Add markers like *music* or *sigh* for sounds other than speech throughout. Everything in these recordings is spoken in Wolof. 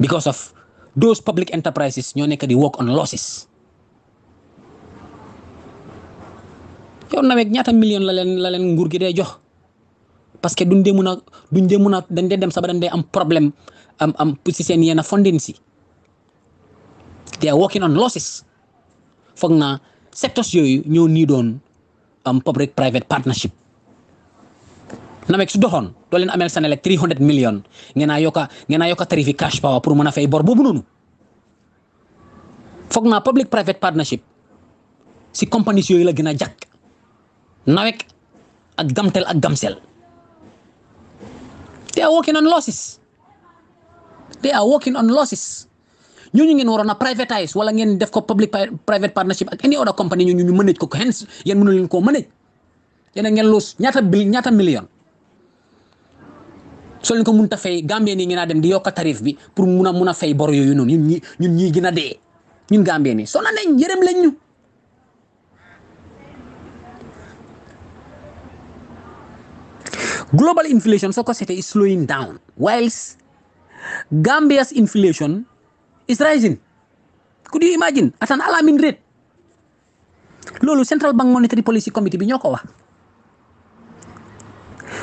because of those public enterprises ñoo nekk di work on losses yow nawet ñaata million la leen la leen nguur gi day jox parce que duñ dee mun a duñ dee mun a dañ dee dem sax ba dañ dee am problème am am si seen yenn funding si they are working on losses foog na secteurs yooyu ñoo nii doon am public private partnership. Namek si doxoon doo leen ameel Senelec 300 millions ngeen naa yokk a ngeen naa yokk a tarif cash power pour mën a fay bor boobu noonu foog naa public private partnership si compagnies yooyu la gën a jàkk Nawek ak Gamtel ak Gamcel they are working on losses they are working on losses ñooñu ngeen waroon a privatise wala ngeen def ko public private partnership ak any other company ñu ñu manage ko ko hence yéen mënu leen koo manage yéen a ngeen loos ñaata ñaata million soo leen ko mun ta fay gambien yi di yokk tarif bi pour mun a mun a fay bor yooyu noonu ñun ñi ñun ñii gën a dee ñun gambien yi sonal nañ yërëm lañ ñu global inflation soo ko seetee is slowing down whilst Gambia's inflation is rising could you imagine at an alarming rate loolu central bank monetary policy committee bi ñoo ko wax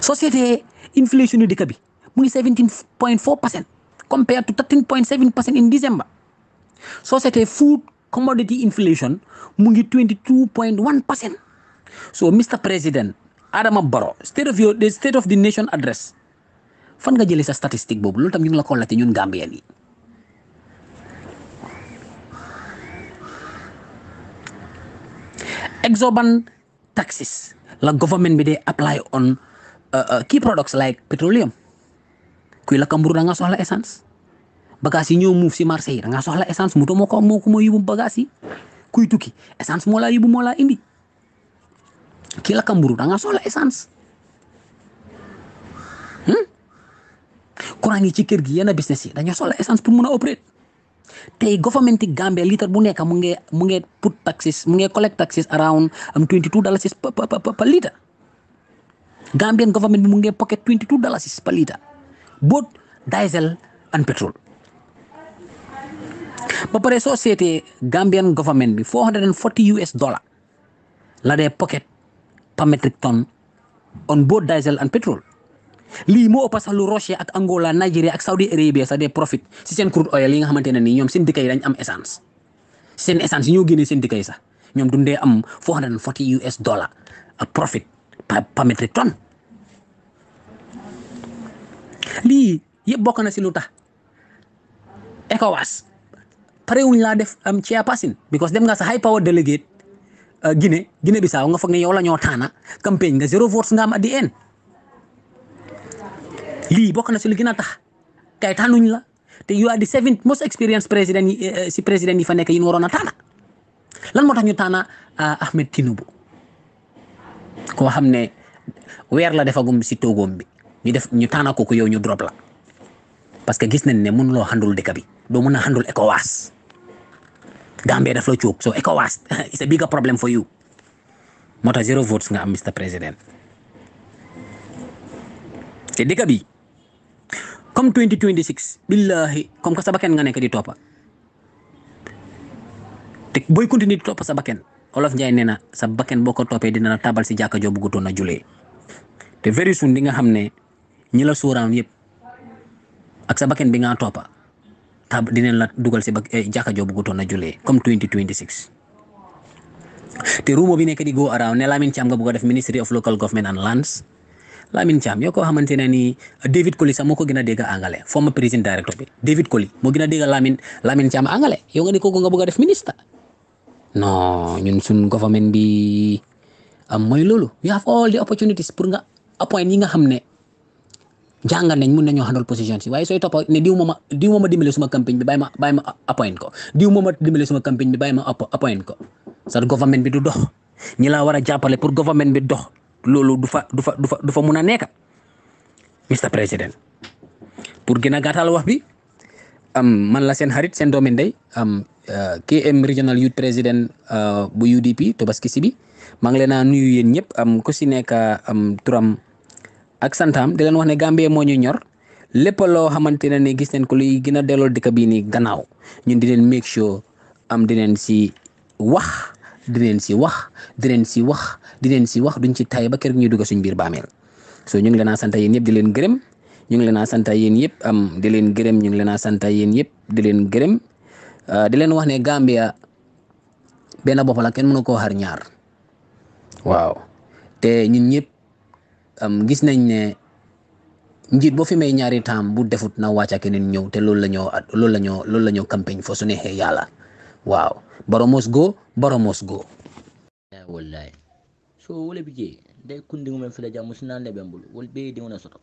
soo seetee inflation yu dëkk bi mu ngi 17.4% compared to 13.7% in December. So c'était food commodity inflation mu ngi 22.1%. So Mr. President Adama Barrow state of your the state of the nation address fan nga jëlee sa statistique boobu loolu tam ñu ngi la ko laajte ñun Gambien yi. exorbitant taxes la government bi dey apply on uh, uh, key products like petroleum. kuy lakk mburu da nga soxla essence bagage yi ñoo muuf si marché yi nga soxla essence moto moo ko moo ko moo yóbbu bagage yi kuy tukki essence moo laa yóbbu moo laa indi kii lakk mburu da nga soxla essence. Hmm? courant yi ci kër gi yenn business yi dañoo soxla essence pour mun a opérer tey government Gambia bu nekk mu nge mu ngi put taxes mu nge collect taxes around am 22 dalasis per litre Gambian government bi mu ngi pocket 22 dalasis per both diesel and petrol ba pare soo seetee Gambian government bi 440 US dollar la dee pocket per metric ton on both diesel and petrol lii moo ëpp sax lu Russia ak Angola Nigeria ak Saudi Arabia sax dee profit si seen crude oil yi nga xamante ne nii ñoom seen dëkk dañ am essance seen essence yi ñoo génnee seen dëkk sax ñoom dundee am 440 US dollar a profit per metric ton lii yëpp bokk na si lu tax ECOWAS pare wuñ laa def am chairperson because dem nga sa high power delegate euh, Guinée Guinée Bissau nga foog ne yow lañu ñoo taana campagne nga zéro vote nga am at the lii bokk na si lu gën a tax kay tànnuñ la te you are the seventh most experienced président yi euh, si président yi fa nekk yi nu waroon a taana lan moo tax ñu taana euh, Ahmed Tinubu koo xam ne weer la defagum si toogoom bi. ñu def ñu taana ko ko yow ñu drop la parce que gis nañ ne mënuloo handul dëkk bi doo mën a handul ECOWAS Gambia daf la coog so ECOWAS *laughs* it's a bigger problem for you moo tax zero votes nga am Mr President te dëkk bi comme 2026 billahi comme que sa bakkan nga nekk di toppa te booy continuer di topp sa bakkan Olof Njaay nee na sa bakkan boo ko toppee dina la tabal si jàkka joo bëggutoon a julee te very soon di xam ne ñi la suuraam yëpp la dugal si ba eh, jàkka joo bëggutoon na julee comme 2026 te ruumo bi di ne Lamin Thiam nga a def ministry of local government and lands Lamin Thiam yoo ne nii David Colley sax moo ko gën a dégg angale former a dégg Lamin Lamin Thiam angale yow nga a def ministre non bi am mooy loolu we have all the opportunities pour appoint ñi nga xam ne jàngal nañ mun nañoo handle position si waaye sooy toppa ne diw mooma a mooma dimbale suma campagne bi bàyyi ma bàyyi ma appoint ko diw mooma dimbale suma campagne bi bàyyi ma appoint ko sa government bi du dox ñi laa war a jàppale pour government bi dox loolu du fa du fa du fa du fa mun a nekk Mr President pour gën a gàttal wax bi am man la seen xarit seen doomi ndey am euh, KM Regional Youth President euh, bu UDP Tobaski Sibi maa ngi leen a nuyu yéen ñëpp am ku si nekk am turam ak santaam di leen wax ne Gambie moo ñu ñor lépp loo xamante ne ni gis nañ ko luy gën a di dëkk bii nii gannaaw ñun di leen make sure am di leen si wax di leen si wax di leen si wax di leen si wax duñ ci tay ba kër gi ñuy dugg suñ biir baameel so ñu ngi leen a sant yéen yëpp di leen gërëm ñu ngi leen a sant yéen yëpp am di leen gërëm ñu ngi leen a sant yéen yëpp di leen gërëm di leen wax ne Gambia benn bopp la kenn mënu koo xar ñaar waaw te ñun ñëpp. gis nañ ne njiit boo fi may ñaari taam bu defut na wàcca keneen ñëw te lool la ñoo loolu la ñoo loolu la ñoo campagne foo su neexee yàlla waaw boromos go boromos go wallahi so wala bi jee day kundi ngumen fila jam musina lebembul wal be di wona soto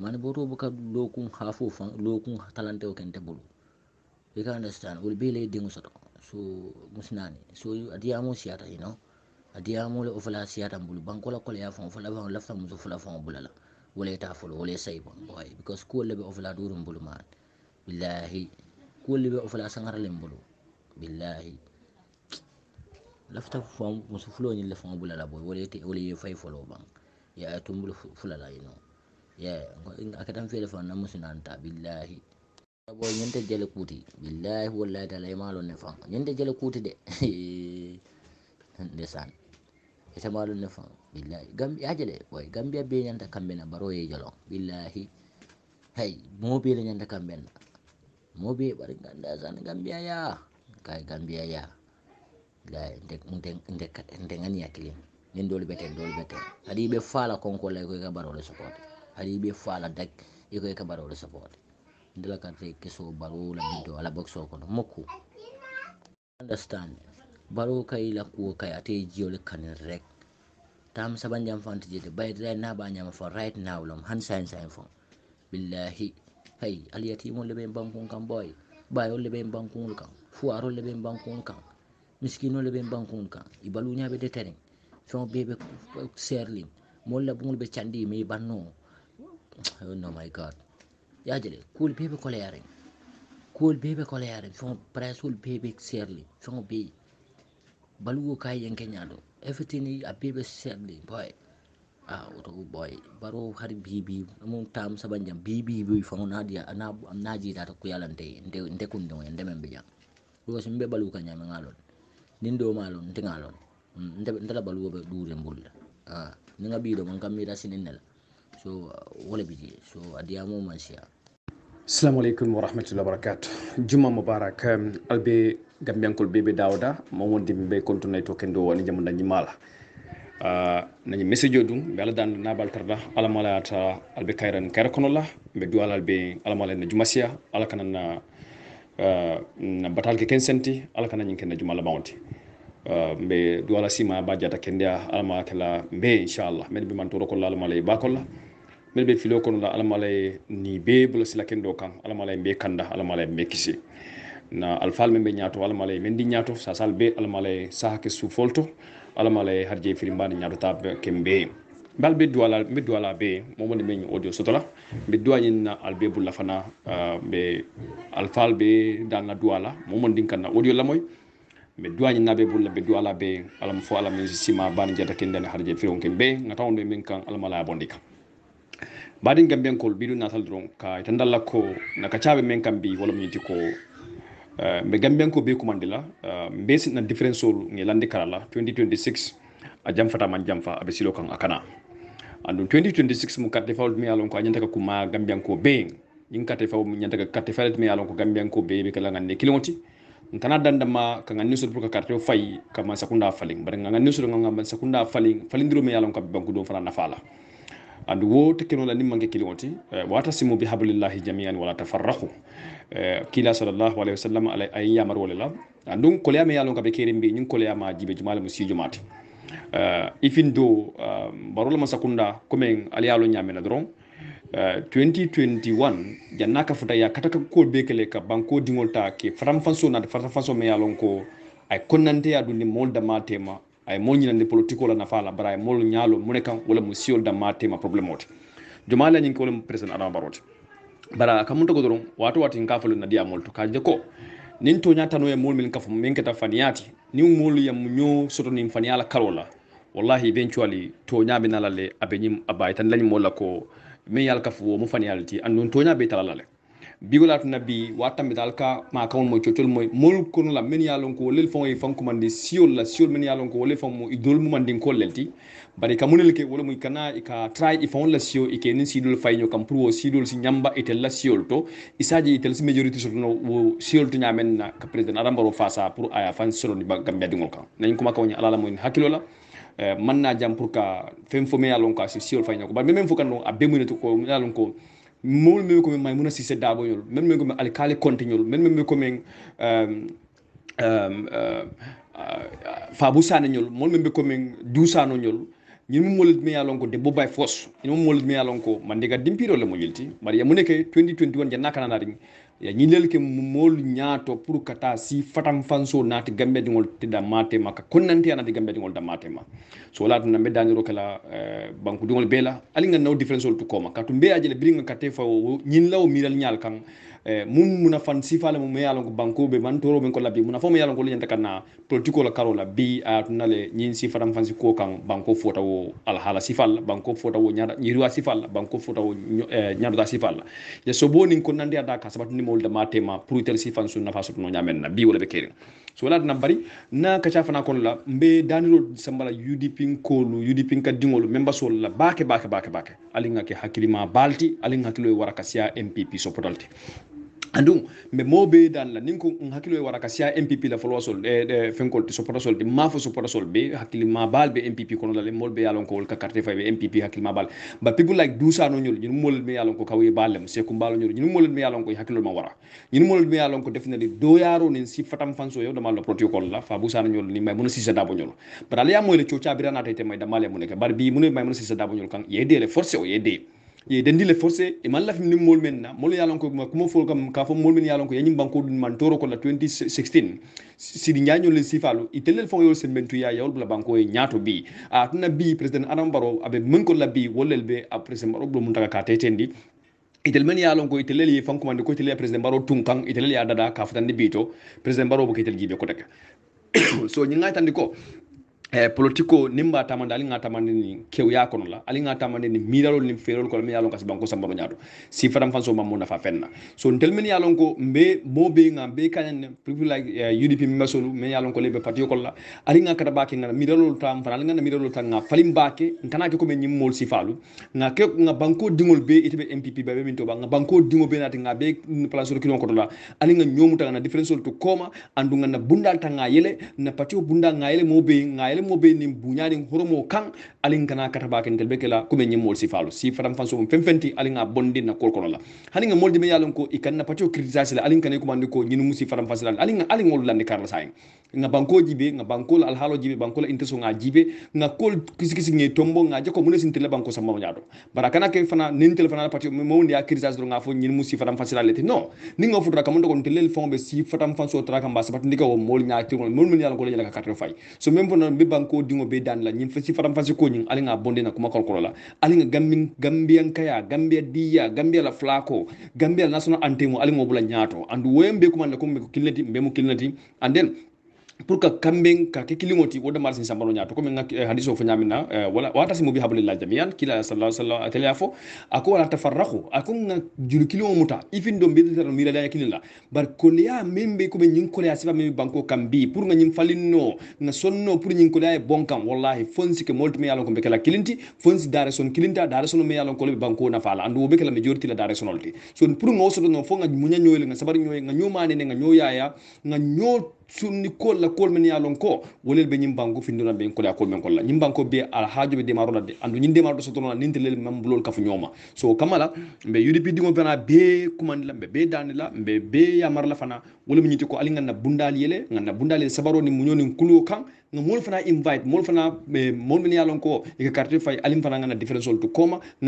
man boto buka lokun hafo fan lokun talante o kente bulu you be le dingu soto so musinani so adiyamo siata adiyamole o fala siyatan bulu bankola koleya fan fo lafaŋo lafita muso fula faŋo bula la wala ita folo wala sayi bon way because kuwol le be o duurum bulu maan billahi kuwol le be o fala saŋaralen bulu billahi lafita muso fulo ñiŋ le faŋo bula la boy wala ye fayi folo baŋ ye a tumbulu fula la yino ye a katan fele faŋ na musu naanta billahi boy ñente jele jele kuuti de *laughs* ndesan etamaɗum ne fan billahi gambi haje ɗe ɓoy gambia be ñanta kamɓena baroye jolon billahi hay mobile ñanta kamɓenna mobe ganda san gambia ya kay gambia ya nde gani hakkilin nin dole beten dole beten faala konkolla e koye ka barole sopote haɗa yiɓe faala dak e koye ka barole sopote karte keso barola binto ala understand baro kay la kuwo kay ate jiyole kanin rek tam saban jam fanti jete bayit right na ba nyama for right now lom han sign sign fo billahi hey aliyati mo bankun kan boy bayo lebe bankun kan fuaro lebe bankun kan miskino lebe bankun kan ibalu nyabe de tereng fon bebe serling mo la bungul be chandi me banno oh no my god ya jele cool bebe ko le yaren cool bebe ko le yaren fon presul baluwokai yankenyado everything abebe sadly boy ah oto boy baro har bibi mun tam sabanjam bibi bi fa na dia na am naji da ta kuyalante nde nde kun don nde men bijan ko sim be balu kanya men alon nin do malon nte ngalon nde nde la balu be dure mbulla ah ninga bi do man kam mi da sinin nela so wala ah, biji so adiamo man sia assalamualeykum warahmatullahi wabarakatu juma mubarak um, albe gambiyankol beɓe dawda mawodimɓe ɓe continue to kendo woni jamu dañi mala uh, nañi message o ɗum ɓe allah dande naɓal tarda alamalayata uh, alɓe kayran kayra konolla ɓe duwal alɓe alamala no juma siya ala kanana na batalke ken senti ala kanañin ken na juma labaŋoti ɓe duwala sima ba jata kendeya alamala kela mbe inchallah mbeɗe ɓe mantoro kolla alamala e bakolla mbeɗa ɓe filo kono ɗa alamalaye ni be bula sila kendo kan alamalaye mbe kanda alamalaye mbe kisi na alfal men ɓe ñaato alamalaye men ndi ñaato sasal be alamalaye saha ke sufolto alamalaye harje firimbade ñaatota ke mbeye mbal be duwala be be momode men audio sotola be duwañin na al be bulla fana ah, be din kanna audio lamoy ɓe duwañin naɓe bulla ɓe duwala be baɗin gambenkol mbiɗum natal dron ka ita dalla ko naka caɓe men kam mbi wala ko eh, mbe gambenko be kumandi la eh, mbe sinna différence ol nge landi kara la a jamfata man jamfa a kana andum 2026 a ñantaka kuma be ñin katte faw ñantaka katte fawlet mi yalon ko gambiyanko be kana dandama ka ganni sod pour que carte o fayi kama sakunda falin bare ganni sod gagama sakunda falin falindiro mi yalon ko aɓe banku ɗon fana nafala andu wo tekkeloola nin manke kilio ti eh, watasimu bi hablillahi jamian wala tafarrahu eh, kila sallallahu alayhi wa sallam ayin yamar wole la andun koleyame yalon kaɓe keren mbi ñin koleyama jibe jumale mo sijumati eh, ifin do um, barola ma sakunda commen alayalo ñamena doron janna ka futa ya kataka ko be banko dingol ta ke faram fanso na faram ay konnante ya dunni molda ma ay mo ñinande politiko la nafa la bara ay mol ñaalo mune kan wala mu siol da ma tema problème oti juma a ñing ko wala adama baroti bara kam mun to wati nka falu na dia mol to kaje ko nin to nyata no e mol kafu min kata faniyati ni mol yam nyo soto ni faniyala karola wallahi eventually to nyabe nalale abenyim abay tan lañ mola ko min yal kafu mo faniyalti an non to nyabe bigolatu nabbi wattammita alka ma kawolmo coccolmoy molu konola min ya lon ko wollel fon e fankumandi siyol la siyol min ya lon ko wollel fon mo la siyo ike nin sidol fayño la siyol to isaji itel la eh, manna jam ka fen fo mi ya lon bari même fo kan ɗon a bemuyne to ko ya lon ko mol meme komin may muna sise daɓoñol men men komin alkali konteñol men men komin fabu saneñol mol men komin dusanoñol ñin mo molit mi yalon ko debbo bay fos ñin mo molit mi yalon man diga dimpiro le mo yilti mari ya muneke 2021 janna kanana ring ya ñilelke moolu ñaato pour kata si fatam fanso naati gambeɗigol teɗa ma ka konnante a naati gambeɗigol da matema so laata na mbeɗaniro kala banque digol beela aligan naw différence ol tukoma katu mbeyajele biriga kate fa ñinlawo miral ñal kan Eh, mum muna fan sifale mum yalon ko bankoɓe man toroɓe ko labbi muna fo mo yalon ko leñanta kanna politiko la karo la bi a tunale ñin sifatam fan si ko kan banko fota wo alhala sifal banko fota wo ñiriwa sifal banko fota wo ñaɗoga eh, sifal ye sobonin ko nandi ada ka sabatu nimol da matema pour tel sifan sun nafa sotono ñamen na bi wala ɓe kerin so wona tana bari na kaca fana kono la ka diŋolu memba sol la bake bake andum mbe moɓe danla nin ko hakkilo wara ka siya mpp la folowasol e fenkol sopotasol ɗe ɓe hakkillema bal ɓe mpp kono lale molɓe yalon ko wolka carte fay ɓe mpp hakkillema bal ba people like dusano ñol ñin molel mi yalon ko kawoye ballem seku mbalo ñol ñin molel mi yalon ko hakkillol ma wara ñin molel mi yalon ko definali doyaro nin si fatam fanso yo damal le protocole la fa busano ñol ni may mona sisa dabo ñol bara ala yamoyle cocabiranata te may damale den dile forcé e malla fim nim mol na mol yalon ko kuma fo kam ka fo mol ko yanyim banko dun man toro ko la 2016 sidi nyanyo le sifalu itel fo yol sementu ya yol bla banko e bi a tuna bi president adam baro abe men ko la bi wolel be a president baro mun daga ka tetendi itel men yalon ko itel le fan ko ko itel president baro tunkan itel ya dada president baro *coughs* ko itel gibe ko daga eh, politiko niŋ a tamandi ali ŋa tamandi niŋ kewuya kono la ali ŋa tamandi niŋ miiralolu niŋ feerolu kono miŋ ye a loŋ ka sibanko sanbaro ñaato si fatam maŋ mu nafa feŋ na so ntelu minnu ye a loŋ ko mbe moo be ŋa mbe kañaŋ ne pipu la uh, udp mimesolu ye a loŋ ko le be patiyo kono la ali ŋa kata baake ŋana na miiralolu ta ŋa faliŋ baake nkana ke komi ñiŋ be ite kiliŋo koto la ali ŋa ñoomuta mo be nin buñanin horomo kan alin kana kataba kentel be kela kume ñin mool sifalu si fatam a bondin na kolkono la hani nga molde me yalon a critisasi ko tele fon be si fatam so tra kamba sabat banko dingo be dan la ñin fasi faram fasi ko ñin alinga bonde na kuma kolkolo la alinga gambin gambian kaya gambia diya gambia la flako gambia national antemo alinga bula ñaato andu woyem be kuma ne ko me ko kilnati be mo kilnati and then pour que kamɓen ka kekilimoti wo damar sin sambano ñaato comme ga eh, hadis o fo ñamina eh, wala watasimu bi hablillah jamian kila sallah sallam a telea fo ako wala tafarraku ako ga juru kilimo muta ifin do mbiyetata miradaya kilila bar koleya min ɓe koɓe ñin koleya pour ga ñin falinno ga pour ñin koleya e bon kam wallahi ke molto me yalon ko ɓe kela kilinti fonsi dare son kilinta dare sono me yalon koloɓe banko nafala andu wo ɓe kela mi jortila dare sonolti so pour ga wo sotono fo ga muñañoyle ga sabari ñoye ga ñomanene ga sunni kol la kol men yalon ko wolel be nyimbango findona be ko la kol men kolla nyimbango be al be demaro la de andu nyinde maro so tona ninte lel mam bulol kafu nyoma so kamala be UDP dingo bana be kuman la be danila be be ya marla fana wolum nyiti ko ali nganna bundal yele nganna bundal yele sabaro ni munyoni kulo kan moolu fana invite moolu fana eh, moolu men ye a lon ko na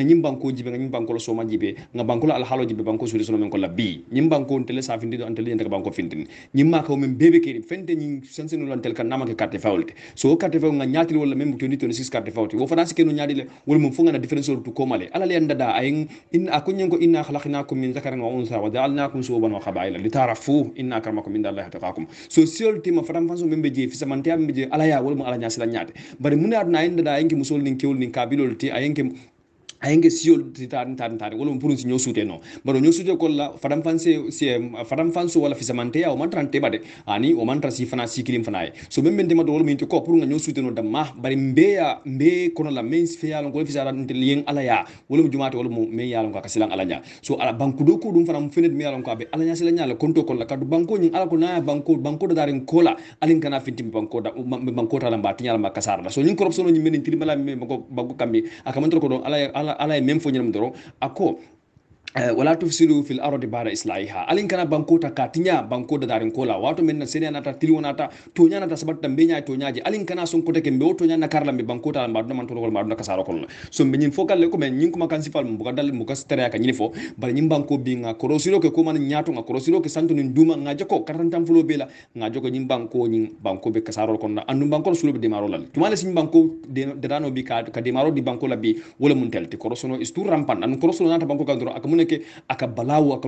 ñim banko jibe nga ñim banko soma jibe nga banko la alhaalo jibe banko suri sono men ko la bi ñim banko ntele sa findi do antele ndaka banko findin ñim men bebe kiri fende ñi sense no lantel kan namake carte fawlte so carte faw nga ñaati wo fana sike no ñaadi le wala mum fo ngana différence olu to koma le ala le ndada ay in akunyen ko inna khalaqnakum min dhakarin alaya wolmo ala ñasila ñaate bari mune aduna ayen dada ayenke musol nin kewol nin kabilol ti ayenke ayenge siyol titani tani tani wala pour ñoo suute non baro ñoo suute ko la fadam ñoo suute kono la men fi yalon ko fisara ntel yeng ala ya wala mu jumaate wala mu men yalon ko kasilan ala nya so ala banku do ko dum mu fenet mi yalon ko be ala nya sila nya la konto ko ala ko na banko banko da darin kola alin kana fintim banko da um, banko ta lamba tinya la makasar la so ñing korop sono ñi men tilimala me banko banko kambi akamantor ko don ala ala 하나의 면포념대로 아코 Eh, wala tufsidu fil ardi ba'da islahiha alin kana banko ta katinya banko da darin kola wato men nan sene anata tili wonata to nya nata sabat tambe nya to nya ji alin kana son kotake mbe to nya mbe banko man tolgol mbaɗo mbe nyin fokal le ko men kuma kansipal mbo gadal mbo kastere ka nyini fo bar nyin banko bi nga korosiro ke ko man nyato nga ke santo nin duma nga joko karan tam fulo la bi nekkee ak a balaawu